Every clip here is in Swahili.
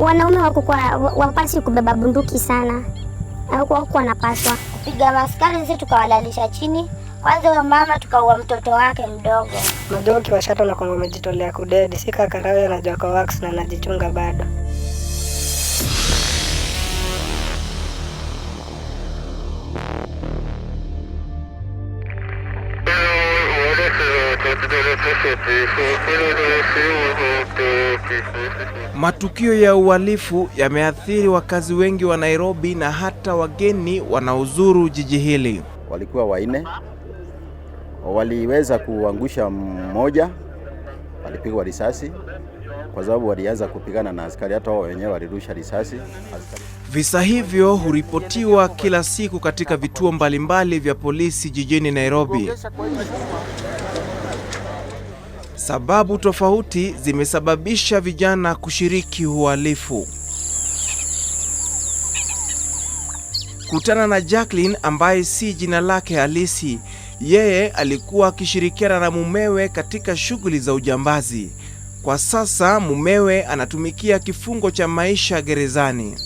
wanaume wapasi kubeba bunduki sana, wako wanapaswa kupiga maskari. Sisi tukawalalisha chini kwanza, huyo mama tukaua mtoto wake mdogo. Najua ukiwashata unakwamba umejitolea kudedi, si kakarawe anajua kwa wax na anajichunga bado. Matukio ya uhalifu yameathiri wakazi wengi wa Nairobi na hata wageni wanaozuru jiji hili. Walikuwa waine, waliweza kuangusha mmoja, walipigwa risasi kwa sababu walianza kupigana na askari, hata wao wenyewe walirusha risasi. Visa hivyo huripotiwa kila siku katika vituo mbalimbali vya polisi jijini Nairobi. Sababu tofauti zimesababisha vijana kushiriki uhalifu. Kutana na Jacqueline ambaye si jina lake halisi. Yeye alikuwa akishirikiana na mumewe katika shughuli za ujambazi. Kwa sasa mumewe anatumikia kifungo cha maisha gerezani.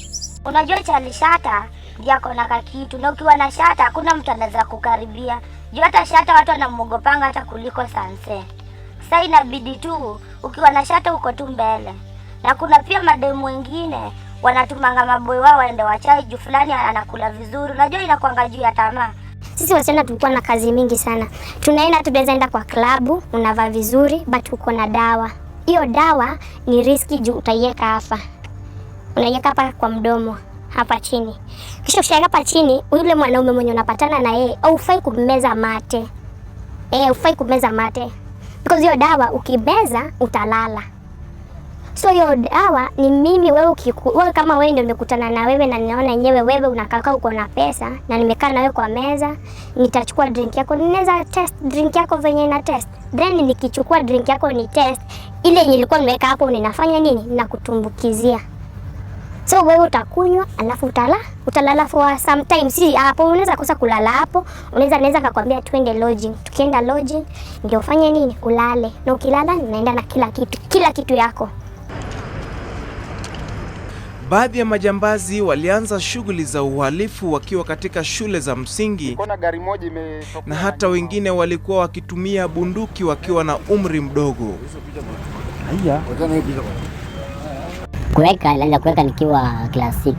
Unajua chali shata jakona kakitu, na ukiwa na shata hakuna mtu anaweza kukaribia juu hata shata watu wanamwogopanga hata kuliko sanse. Sasa inabidi tu ukiwa na shata uko tu mbele, na kuna pia mademu wengine wanatumanga maboi wao waende wachai juu fulani anakula vizuri. Unajua inakuanga juu ya tamaa. Sisi wasichana tulikuwa na kazi mingi sana, tunaenda tubezaenda kwa klabu, unavaa vizuri but uko na dawa. Hiyo dawa ni riski juu utaiweka hapa, unaiweka hapa kwa mdomo hapa chini, kisha ushaweka hapa chini, yule mwanaume mwenye unapatana na yeye au ufai kumeza mate eh, ufai kumeza mate because hiyo dawa ukimeza utalala. So hiyo dawa ni mimi wewe, ukiku, wewe kama wewe ndio nimekutana na wewe na ninaona yenyewe wewe unakaa uko na pesa na nimekaa na wewe kwa meza, nitachukua drink yako, ninaweza test drink yako venye na test. Then nikichukua drink yako ni test ile yenye ilikuwa nimeweka hapo, ninafanya nini? Nakutumbukizia. So wewe utakunywa alafu utala, utalala for some time. Si hapo unaweza kosa kulala hapo. Unaweza naweza kakwambia twende lodging. Tukienda lodging ndio ufanye nini? Ulale. Na ukilala naenda na kila kitu. Kila kitu yako. Baadhi ya majambazi walianza shughuli za uhalifu wakiwa katika shule za msingi na hata wengine walikuwa wakitumia bunduki wakiwa na umri mdogo kuweka, alianza kuweka nikiwa class 6.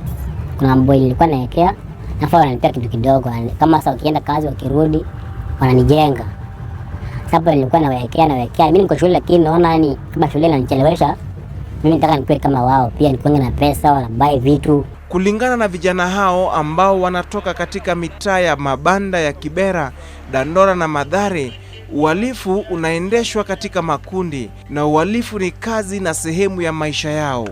Kuna mboy nilikuwa naekea nafaa wananipea kitu kidogo, kama sasa ukienda kazi wakirudi wananijenga. Sasa nilikuwa nawekea nawekea, mimi niko shule, lakini naona yani kama shule inanichelewesha mimi, nataka nikuwe kama wao pia, nikuwe na pesa, wanabai vitu Kulingana na vijana hao ambao wanatoka katika mitaa ya mabanda ya Kibera, Dandora na Madhare, uhalifu unaendeshwa katika makundi na uhalifu ni kazi na sehemu ya maisha yao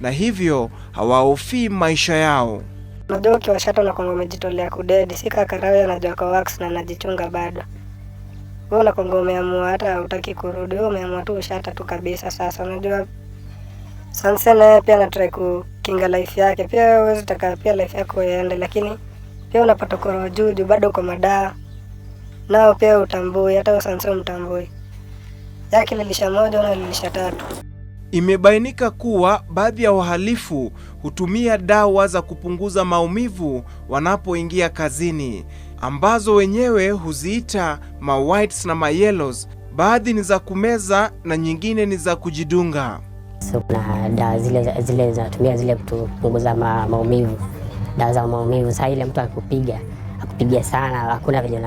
na hivyo hawaofii maisha yao. Majoki washato na kwamba wamejitolea kudedi, si kaka Rawi anajua kwa wax na anajichunga bado. Wewe na unakwamba umeamua hata hutaki kurudi, wewe umeamua tu ushata tu kabisa. Sasa unajua Sansa naye pia anatrai kukinga life yake, pia huwezi taka pia life yako iende, lakini pia unapata koro juu juu, bado kwa madaa nao, pia utambui hata Sansa umtambui, yake lilisha moja na lilisha tatu. Imebainika kuwa baadhi ya wahalifu hutumia dawa za kupunguza maumivu wanapoingia kazini ambazo wenyewe huziita ma whites na ma yellows. Baadhi ni za kumeza na nyingine ni za kujidunga. So, kuna dawa zile zile zinatumia zile kupunguza ma, maumivu, dawa za maumivu. Saa ile mtu akupiga akupiga sana, hakuna venye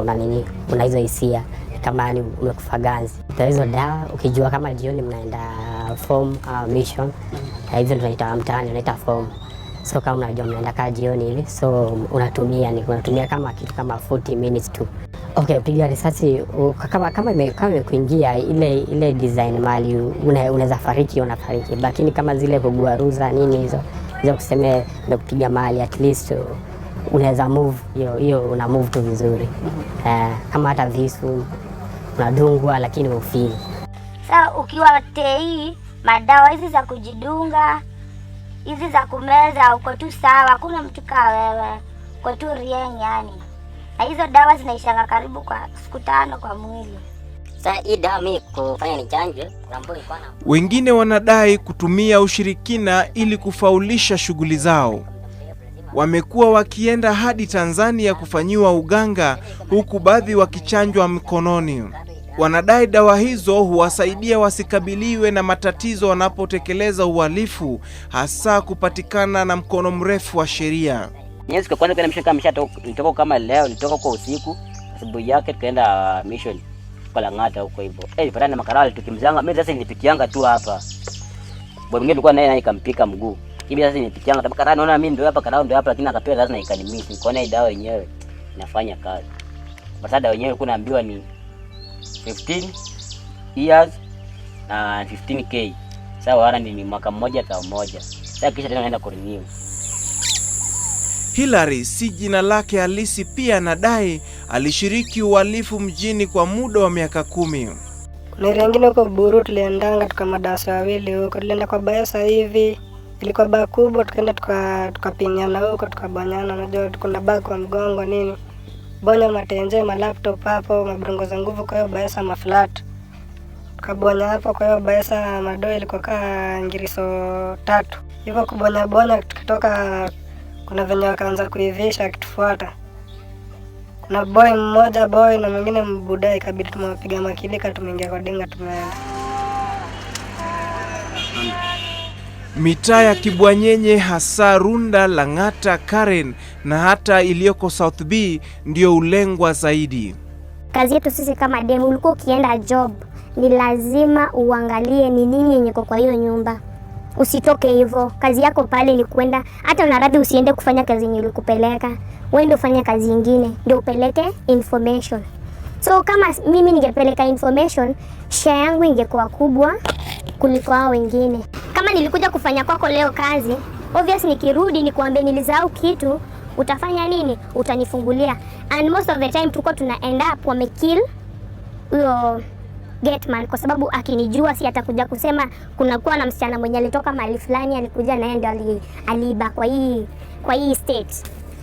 una nini, una hizo hisia kama ni umekufa ganzi. Hizo dawa ukijua kama jioni mnaenda form uh, mission na hivyo hizo tunaita mtaani unaita form. So kama unajua mnaenda kaa jioni hivi, so unatumia ni unatumia kama kitu kama 40 minutes tu. Okay, piga risasi kama kama ime, kama imekuingia ile ile design mali unaweza fariki au unafariki, lakini kama zile kuguaruza nini hizo hizo kuseme ndio kupiga mali at least unaweza move hiyo hiyo, una move tu vizuri uh, kama hata visu unadungwa, lakini ufili. Sasa ukiwa tei madawa hizi za kujidunga, hizi za kumeza, uko tu sawa, hakuna mtu kaa wewe, uko tu rieni yani. Na hizo dawa zinaishanga karibu kwa siku tano kwa mwili. Wengine wanadai kutumia ushirikina ili kufaulisha shughuli zao. Wamekuwa wakienda hadi Tanzania kufanyiwa uganga, huku baadhi wakichanjwa mkononi. Wanadai dawa hizo huwasaidia wasikabiliwe na matatizo wanapotekeleza uhalifu, hasa kupatikana na mkono mrefu wa sheria. Siku ya kwanza kwenda mission, kama kama leo, nitoka kwa usiku, asubuhi yake tukaenda uh, mission kwa Lang'ata huko hivyo, eh nipatana na makarali tukimzanga mimi. Sasa nilipitianga tu hapa, bwana mwingine tulikuwa naye naye kampika mguu hivi. Sasa nilipitianga tabaka karali, naona mimi ndio hapa, karali ndio hapa, lakini akapewa lazima ikanimisi. Kwa hii dawa yenyewe inafanya kazi, Basada sababu dawa yenyewe kunaambiwa ni 15 years na 15k. Sasa warranty ni mwaka mmoja kwa mmoja. Sasa kisha tena naenda renew. Hillary si jina lake halisi, pia anadai alishiriki uhalifu mjini kwa muda wa miaka kumi. Kuna rengine huko Buru tuliendanga tuka madarasa wawili huko, tulienda kwa baya sasa hivi, ilikuwa baa kubwa, tukaenda tukapinyana huko tukabanyana, unajua tuko na baa kwa mgongo nini bonya matenje malaptop hapo za nguvu, kwa hiyo baesa maflat kabonya hapo, kwa hiyo baesa madoili ilikuwa kaa ngiriso tatu hivyo kubonya bonya. Tukitoka kuna venye wakaanza kuivisha akitufuata, kuna boy mmoja boy na mwingine mbudai, kabidi tumewapiga makilika, tumeingia kwa dinga, tumeenda Mitaa ya Kibwanyenye hasa Runda, Lang'ata, Karen na hata iliyoko South B ndio ulengwa zaidi. Kazi yetu sisi kama demu, ulikuwa ukienda job ni lazima uangalie ni nini yenye kwa hiyo nyumba, usitoke hivyo. Kazi yako pale ni kwenda, hata unaradhi usiende kufanya kazi yenye ulikupeleka wende ufanye kazi nyingine, ndio upeleke information. So kama mimi ningepeleka information, share yangu ingekuwa kubwa kuliko hao wengine. Kama nilikuja kufanya kwako leo kazi, obvious nikirudi nikuambie nilizao kitu, utafanya nini? Utanifungulia. And most of the time tuko tuna end up wame kill huyo Getman kwa sababu akinijua si atakuja kusema kuna kuwa na msichana mwenye alitoka mahali fulani alikuja na yeye ali, aliiba kwa hii kwa hii state.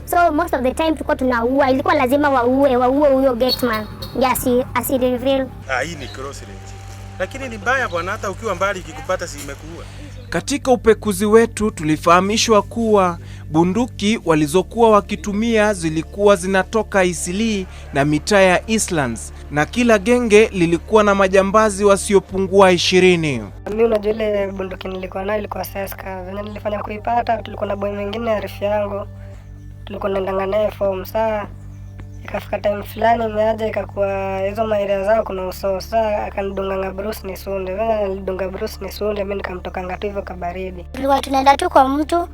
So most of the time tuko tunaua, ilikuwa lazima waue waue huyo Getman. Yes, asi reveal. Ah, hii ni cross range lakini ni mbaya bwana, hata ukiwa mbali ikikupata zimekuua. Katika upekuzi wetu tulifahamishwa kuwa bunduki walizokuwa wakitumia zilikuwa zinatoka Isilii na mitaa ya Islands, na kila genge lilikuwa na majambazi wasiopungua ishirini. Mimi unajua ile bunduki nilikuwa nayo ilikuwa seska, venye nilifanya kuipata, tulikuwa na boy mwingine arifu yangu, tulikuwa naendanga naye form saa Kafika time fulani imeaja ikakuwa hizo maeneo zao kuna usoo. Sasa akanidonganga Bruce sunde vile nilidonga Bruce sunde mimi nikamtokanga tu hivyo kabaridi. Tulikuwa tunaenda tu kwa mtu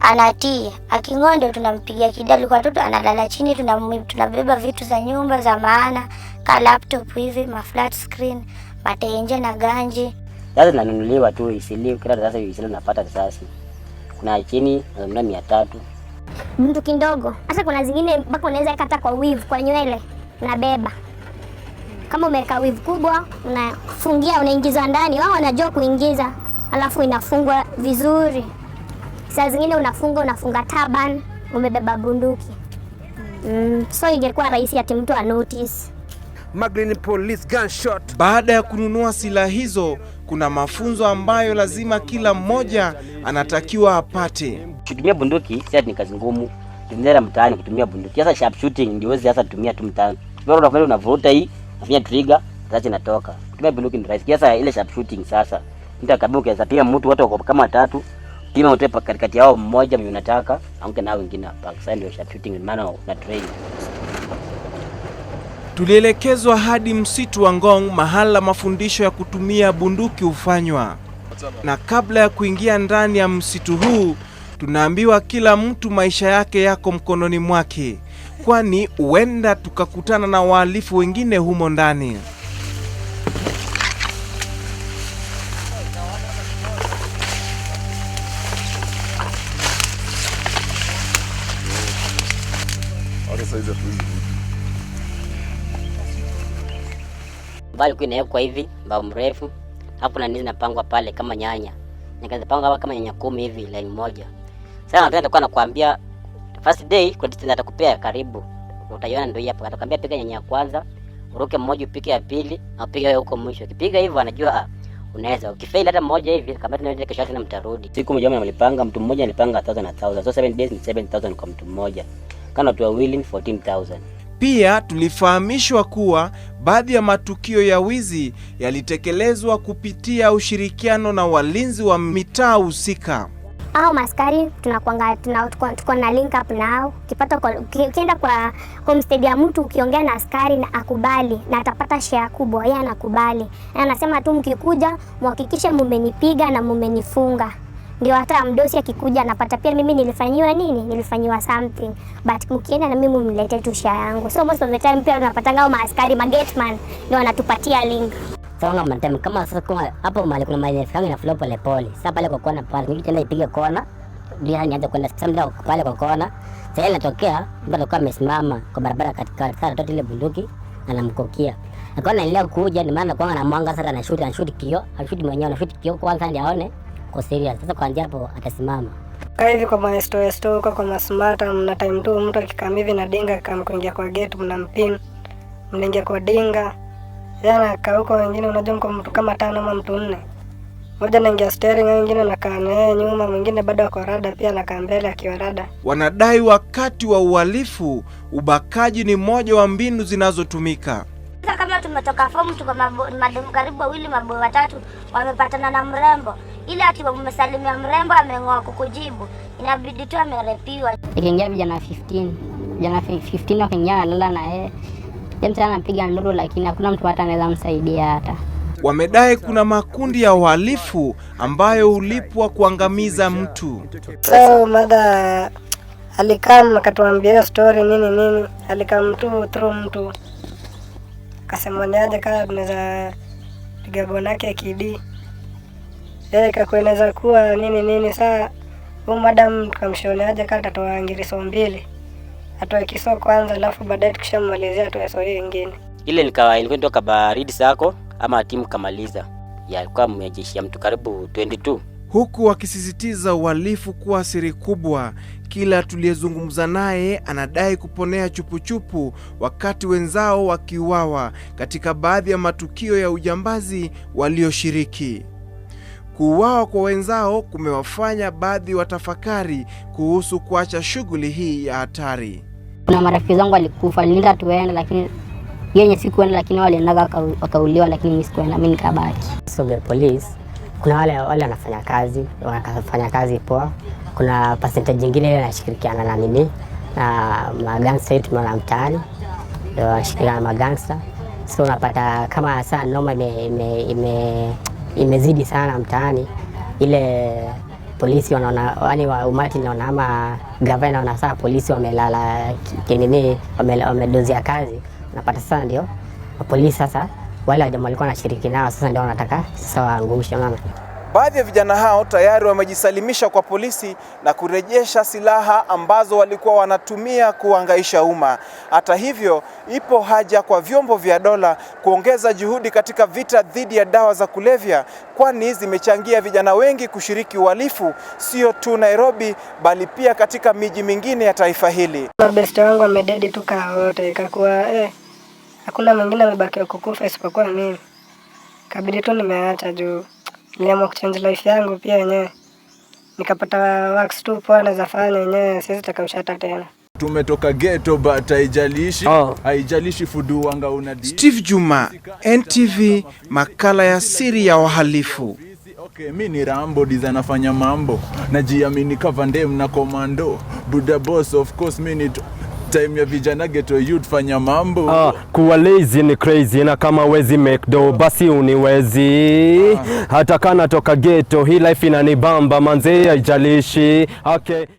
anatii, aking'oa ndio tunampigia kidali. Alikuwa tu analala chini, tunabeba vitu za nyumba za maana ka laptop hivi, ma flat screen, matenje na ganji. Sasa nanunuliwa tu isiliu kila sasa, isiliu napata risasi kuna chini na mia tatu mtu kidogo. Hata kuna zingine mpaka unaweza kata kwa wivu kwa nywele na beba. Kama umeweka wivu kubwa, unafungia unaingiza ndani, wao wanajua kuingiza, alafu inafungwa vizuri. Saa zingine unafunga unafunga taban, umebeba bunduki mm, so ingekuwa rahisi ati mtu anotice. Maglin Police Gunshot. Baada ya kununua silaha hizo, kuna mafunzo ambayo lazima kila mmoja anatakiwa apate. Kutumia bunduki si ni kazi ngumu. Tunaenda mtaani kutumia bunduki. Sasa sharp shooting ndio wewe sasa tumia tu mtaani. Wewe unafanya unavuruta hii, unafanya trigger, sasa inatoka. Kutumia bunduki ni rahisi. Sasa ile sharp shooting sasa mtu akabuka sasa pia mtu watu wako kama tatu. kima utepa katikati yao mmoja mimi nataka aunge nao wengine hapa. Sasa ndio sharp shooting maana na train. Tulielekezwa hadi msitu wa Ngong, mahala mafundisho ya kutumia bunduki hufanywa, na kabla ya kuingia ndani ya msitu huu tunaambiwa kila mtu maisha yake yako mkononi mwake, kwani huenda tukakutana na wahalifu wengine humo ndani. Alikuwa inawekwa hivi mbao mrefu, hapo na nini, napangwa pale kama nyanya, nikazipanga kama nyanya kumi hivi laini moja. Sasa ndio atakuwa nakwambia first day credit distance atakupea karibu. Utaiona ndio hapo. Atakwambia piga nyanya ya kwanza, uruke mmoja upike ya pili, na upige wewe huko mwisho. Ukipiga hivyo anajua ah, unaweza. Ukifail hata mmoja hivi kama tunaweza kesho tena mtarudi. Siku mmoja mlipanga, mtu mmoja alipanga 1000 na 1000. So 7 days ni 7000 kwa mtu mmoja. Kana watu wawili ni 14000. Pia tulifahamishwa kuwa baadhi ya matukio ya wizi yalitekelezwa kupitia ushirikiano na walinzi wa mitaa husika au maskari tunakuanga tuko na link up nao. Ukipata ukienda kwa homestead ya mtu ukiongea na askari na akubali na atapata share kubwa, yeye anakubali anasema tu, mkikuja muhakikishe mumenipiga na mumenifunga ndio hata mdosi akikuja anapata pia, mimi nilifanyiwa nini, nilifanyiwa something but mkienda na mimi mlete tu share yangu. So most of the time pia tunapatanga ngao maaskari magetman ndio wanatupatia link songa matema kama sasa. Hapo mahali kuna mahali yangu na flow pole pole. Sasa pale kwa kona pale niki tena ipige kona ndio hani anza kwenda sasa pale kwa kona. Sasa inatokea mtu atakuwa amesimama kwa barabara katikati, sana toti ile bunduki anamkokia akawa naendelea kuja, ni maana kwa na mwanga sasa, na shoot na shoot kio ashoot mwenyewe na shoot kio kwanza ndio aone kwa serious. Sasa kwa hapo atasimama hivi kwa maesto esto huko kwa masmata, mna time tu mtu akikamivi na dinga kama kuingia kwa gate, mnampin mnaingia kwa dinga yana huko wengine, unajua mko mtu kama tano ama mtu nne, moja naingia steering, wengine nakaa naye nyuma, mwingine bado ako rada, pia anakaa mbele akiwa rada. Wanadai wakati wa uhalifu ubakaji ni moja wa mbinu zinazotumika. Kama tumetoka form tuko karibu wawili, maboy watatu wamepatana na mrembo, ile ati umesalimia mrembo ameng'oa kukujibu, inabidi tu amerepiwa. Ikiingia vijana 15 vijana 15 wakiingia nalala na yeye mtu anapiga nduru, lakini hakuna mtu hata anaweza msaidia hata Wamedai kuna makundi ya uhalifu ambayo hulipwa kuangamiza mtu. So, mada alikam akatuambia story nini nini, alikam tu through mtu kasemaniaje, kama tunaweza piga bonake kidi eh, yeye kakueleza kuwa nini nini. Saa huyu madam tukamshauriaje, kama tatoa ngiriso mbili atoe kisoo kwanza, alafu baadaye tukishamalizia atoe soe nyingine. Ile ilikuwa ilikuwa kabaridi sako ama timu kamaliza yalikuwa mmejeshia mtu karibu 22 huku wakisisitiza uhalifu kuwa siri kubwa. Kila tuliyezungumza naye anadai kuponea chupuchupu chupu, wakati wenzao wakiuawa katika baadhi ya matukio ya ujambazi walioshiriki. Kuuawa kwa wenzao kumewafanya baadhi watafakari kuhusu kuacha shughuli hii ya hatari. Kuna marafiki zangu walikufa, nilinda tuende, lakini yenye sikuenda, lakini waliendaga wakauliwa, lakini mimi sikuenda, mimi nikabaki. Sogel Police kuna wale wale wanafanya kazi wanafanya kazi poa, kuna percentage nyingine ile inashirikiana na nini na magangsta yetu mara mtaani, wanashirikiana na magangsta. So unapata kama saa noma imezidi ime, ime sana mtaani ile polisi wanaona, yani wa umati naona ama gavana naona saa polisi wamelala kinini, wamedozia kazi, napata sasa ndio polisi sasa wale wajama walikuwa wanashiriki nao sasa ndio wanataka sasa waangushe, mama. Baadhi ya vijana hao tayari wamejisalimisha kwa polisi na kurejesha silaha ambazo walikuwa wanatumia kuangaisha umma. Hata hivyo, ipo haja kwa vyombo vya dola kuongeza juhudi katika vita dhidi ya dawa za kulevya, kwani zimechangia vijana wengi kushiriki uhalifu, sio tu Nairobi, bali pia katika miji mingine ya taifa hili. Best wangu amededi tu kaa wote, ikakuwa eh, hakuna mwingine amebakiwa kukufa isipokuwa mimi, kabidi tu nimeacha juu niliamua kuchange life yangu pia wenyewe, nikapata works tu poa na zafanya wenyewe, siwezi taka ushata tena. Tumetoka ghetto but haijalishi oh, haijalishi fudu wanga una di. Steve Juma, NTV, makala ya siri ya wahalifu. Okay, mi ni Rambo diza nafanya mambo najiamini kava ndem na komando buda boss of course mi ni time ya vijana geto youth fanya mambo. Ah, kuwa lazy ni crazy na kama wezi make do basi uniwezi. Ah. Hata kana toka geto hii life inanibamba manzee haijalishi. Okay.